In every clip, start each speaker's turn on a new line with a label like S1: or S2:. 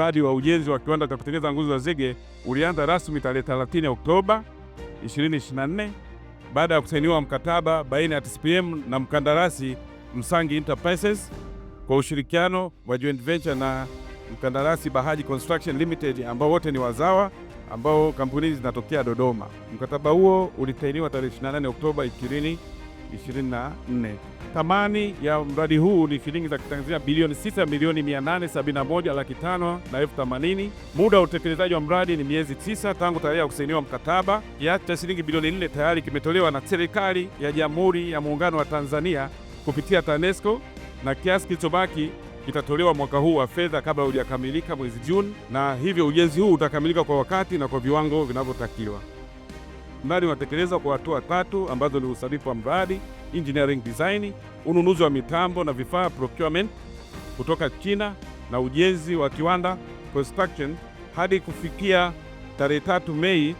S1: mradi wa ujenzi wa kiwanda cha kutengeneza nguzo za zege ulianza rasmi tarehe 30 Oktoba 2024 baada ya kusainiwa mkataba baina ya TCPM na mkandarasi Msangi Enterprises kwa ushirikiano wa joint venture na mkandarasi Bahaji Construction Limited ambao wote ni wazawa ambao kampuni zinatokea Dodoma. Mkataba huo ulisainiwa tarehe 28 Oktoba 2024. Thamani ya mradi huu ni shilingi za Kitanzania bilioni 6 milioni 871 laki 5 na elfu Muda wa utekelezaji wa mradi ni miezi tisa tangu tarehe ya kusainiwa mkataba. Kiasi cha shilingi bilioni 4 tayari kimetolewa na serikali ya Jamhuri ya Muungano wa Tanzania kupitia TANESCO na kiasi kilichobaki kitatolewa mwaka huu wa fedha kabla hujakamilika mwezi Juni, na hivyo ujenzi huu utakamilika kwa wakati na kwa viwango vinavyotakiwa. Mradi unatekelezwa kwa hatua tatu ambazo ni usanifu wa mradi, engineering design, ununuzi wa mitambo na vifaa procurement kutoka China na ujenzi wa kiwanda construction hadi kufikia tarehe tatu Mei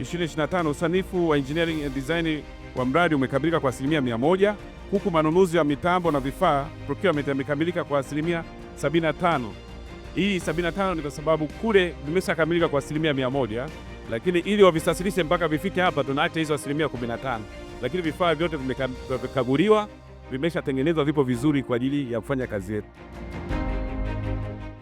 S1: 2025, usanifu wa engineering and design wa mradi umekamilika kwa asilimia mia moja huku manunuzi ya mitambo na vifaa procurement yamekamilika kwa asilimia 75. Hii 75 ni kwa sababu kule vimeshakamilika kwa asilimia mia moja lakini ili wavisasilishe mpaka vifike hapa tunaacha hizo asilimia 15 lakini vifaa vyote vimekaguliwa, vimeshatengenezwa, vipo vizuri kwa ajili ya kufanya kazi yetu.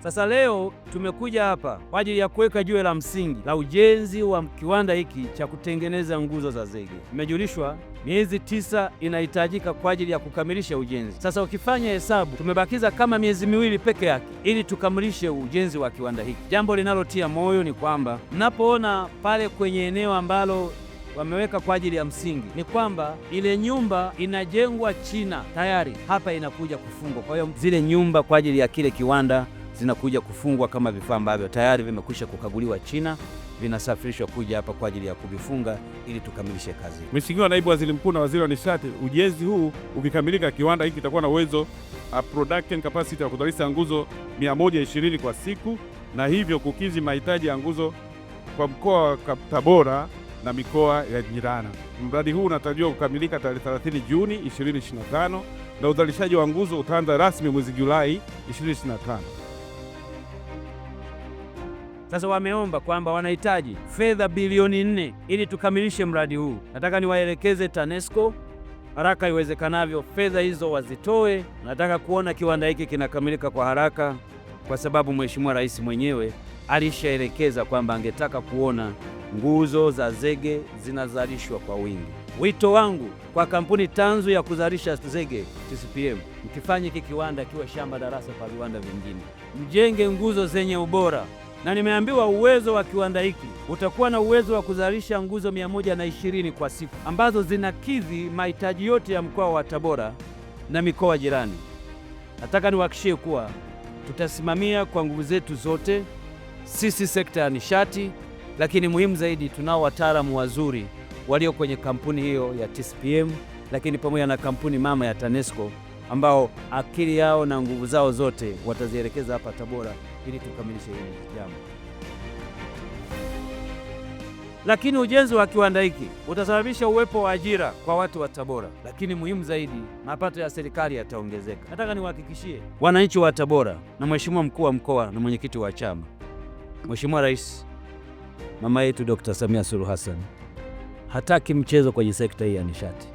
S2: Sasa leo tumekuja hapa kwa ajili ya kuweka jiwe la msingi la ujenzi wa kiwanda hiki cha kutengeneza nguzo za zege. mmejulishwa miezi tisa inahitajika kwa ajili ya kukamilisha ujenzi. Sasa ukifanya hesabu, tumebakiza kama miezi miwili peke yake ili tukamilishe ujenzi wa kiwanda hiki. Jambo linalotia moyo ni kwamba mnapoona pale kwenye eneo ambalo wameweka kwa ajili ya msingi ni kwamba ile nyumba inajengwa China tayari, hapa inakuja kufungwa. Kwa hiyo zile nyumba kwa ajili ya kile kiwanda zinakuja kufungwa kama vifaa ambavyo tayari vimekwisha kukaguliwa China, vinasafirishwa kuja hapa kwa ajili ya kuvifunga ili tukamilishe kazi.
S1: Mheshimiwa Naibu Waziri Mkuu na Waziri wa Nishati, ujenzi huu ukikamilika, kiwanda hiki kitakuwa na uwezo a uh, production capacity ya kuzalisha nguzo 120 kwa siku na hivyo kukizi mahitaji ya nguzo kwa mkoa wa Tabora na mikoa ya jirani. Mradi huu unatarajiwa kukamilika tarehe 30 Juni 2025 na uzalishaji wa nguzo utaanza rasmi mwezi Julai 2025.
S2: Sasa wameomba kwamba wanahitaji fedha bilioni nne ili tukamilishe mradi huu. Nataka niwaelekeze TANESCO haraka iwezekanavyo, fedha hizo wazitoe. Nataka kuona kiwanda hiki kinakamilika kwa haraka, kwa sababu Mheshimiwa Rais mwenyewe alishaelekeza kwamba angetaka kuona nguzo za zege zinazalishwa kwa wingi. Wito wangu kwa kampuni tanzu ya kuzalisha zege TCPM, mkifanye hiki kiwanda kiwe shamba darasa kwa viwanda vingine, mjenge nguzo zenye ubora na nimeambiwa uwezo wa kiwanda hiki utakuwa na uwezo wa kuzalisha nguzo mia na ishirini kwa siku ambazo zinakidhi mahitaji yote ya mkoa wa Tabora na mikoa jirani. Nataka niwahakishie kuwa tutasimamia kwa nguvu zetu zote, sisi sekta ya nishati, lakini muhimu zaidi, tunao wataalamu wazuri walio kwenye kampuni hiyo ya TCPM, lakini pamoja na kampuni mama ya TANESCO ambao akili yao na nguvu zao zote watazielekeza hapa Tabora ili tukamilishe hili jambo. Lakini ujenzi wa kiwanda hiki utasababisha uwepo wa ajira kwa watu wa Tabora, lakini muhimu zaidi, mapato ya serikali yataongezeka. Nataka niwahakikishie wananchi wa Tabora na Mheshimiwa mkuu wa mkoa na mwenyekiti wa chama, Mheshimiwa Rais mama yetu Dr. Samia Suluhu Hassan hataki mchezo kwenye sekta hii ya nishati,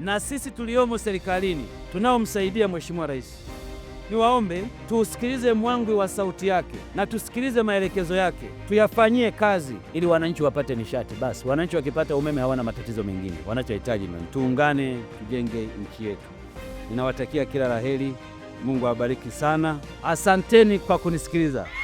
S2: na sisi tuliomo serikalini tunaomsaidia Mheshimiwa Rais. Niwaombe tuusikilize mwangwi wa sauti yake na tusikilize maelekezo yake, tuyafanyie kazi ili wananchi wapate nishati. Basi wananchi wakipata umeme hawana matatizo mengine, wanachohitaji ni tuungane, tujenge nchi yetu. Ninawatakia kila la heri, Mungu awabariki sana. Asanteni kwa kunisikiliza.